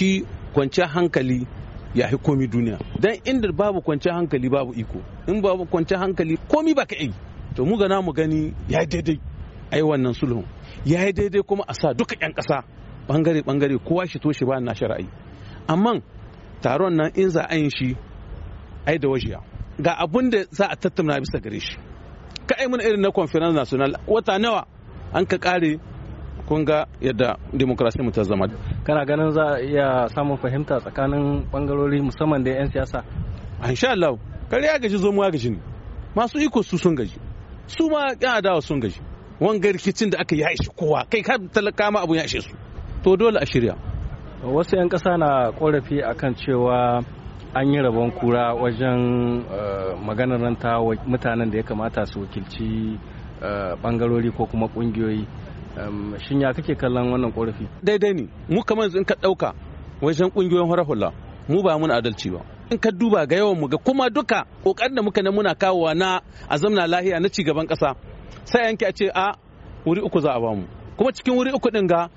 shi kwanciyar hankali ya fi komi duniya don inda babu kwanciyar hankali babu iko in babu kwanciyar hankali komi ba ka yi to mu gana mu gani ya yi daidai a yi wannan sulhun ya yi daidai kuma a sa duka 'yan ƙasa bangare bangare kowa shi toshe ba na shari'a amma taron nan in za a yin shi ai da wajiya ga abun da za a tattauna bisa gare shi ka ai mun irin na conference national wata nawa an ka kare kun ga yadda demokrasi mu ta zama kana ganin za a iya samun fahimta tsakanin bangarori musamman da 'yan siyasa ah, insha Allah kare ya gaji zo mu gaji ne masu iko su sun gaji su ma yan adawa sun gaji wangar rikicin da aka yi shi kowa kai ka talaka ma abu ya su to dole a shirya wasu 'yan ƙasa na korafi akan cewa an yi rabon kura wajen eh, maganar ranta mutanen da ya kamata su wakilci bangarori eh, ko kuma kungiyoyi shin ya kake kallon wannan korafi daidai ne mu kamar yanzu in ka dauka wajen kungiyoyin hura hula mu ba mun adalci ba in ka duba ga yawan mu ga kuma duka kokarin da muka na muna kawowa na azamna lahiya na ci gaban kasa sai yanke a ce a wuri uku za a bamu kuma cikin wuri uku din ga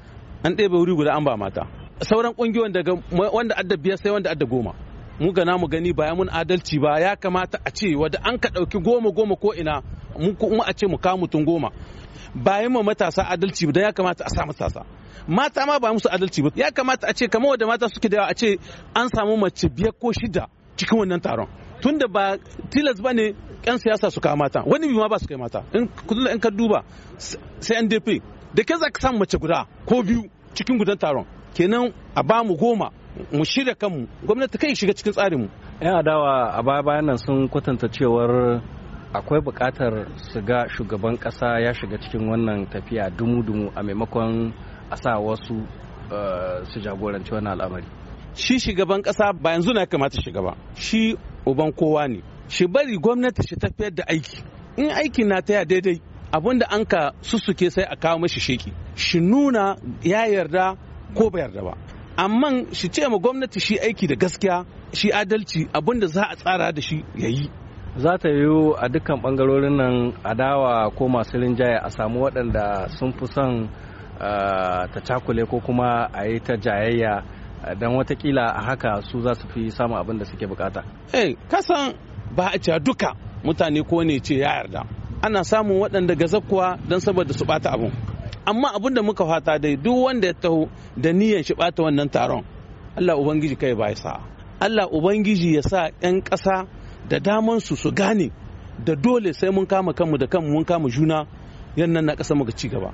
an ɗebe wuri guda an ba mata sauran kungiyoyin daga wanda adda biyar sai wanda adda goma mu gana mu gani ba mun adalci ba ya kamata a ce wadda an ka ɗauki goma goma ko ina mu kuma a ce mu kawo mutum goma bayan ma matasa adalci da ya kamata a sa matasa mata ma ba musu adalci ba ya kamata a ce kamar wadda mata suke da yawa a ce an samu mace biyar ko shida cikin wannan taron tunda ba tilas ba ne yan siyasa su kawo mata wani bi ma ba su kai mata in in ka duba sai NDP da ke za ka samu mace guda ko biyu cikin gudan taron kenan a ba mu goma mu shirya kanmu gwamnati kai shiga cikin tsarinmu 'yan adawa a baya bayan nan sun kwatanta cewar akwai bukatar su ga shugaban ƙasa ya shiga cikin wannan tafiya dumu-dumu a maimakon a sa wasu eh, su jagoranci wannan al'amari shi shugaban ƙasa ba yanzu na kamata shiga ba shi uban kowa ne shi bari gwamnati shi tafiyar da aiki in aiki na taya daidai abun da an ka sussuke sai a kawo mashi sheki shi nuna ya yarda ko ba yarda ba amma shi ce ma gwamnati shi aiki da gaskiya shi adalci abun da za a tsara da shi yayi za ta yiwu a dukkan bangarorin nan adawa ko masu rinjaye a samu waɗanda sun fi son ta cakule ko kuma a yi ta jayayya don watakila a haka su za su fi samun abin da suke bukata. eh kasan ba a cewa duka mutane ko ne ce ya yarda ana samun waɗanda gazakkuwa don saboda su ɓata abin amma abin da muka fata dai duk wanda ya taho da niyyar shi bata wannan taron allah ubangiji kai ba ya sa allah ubangiji ya sa 'yan ƙasa da damansu su gane da dole sai mun kama kanmu da kanmu mun kama juna yannan na ƙasa muka ci gaba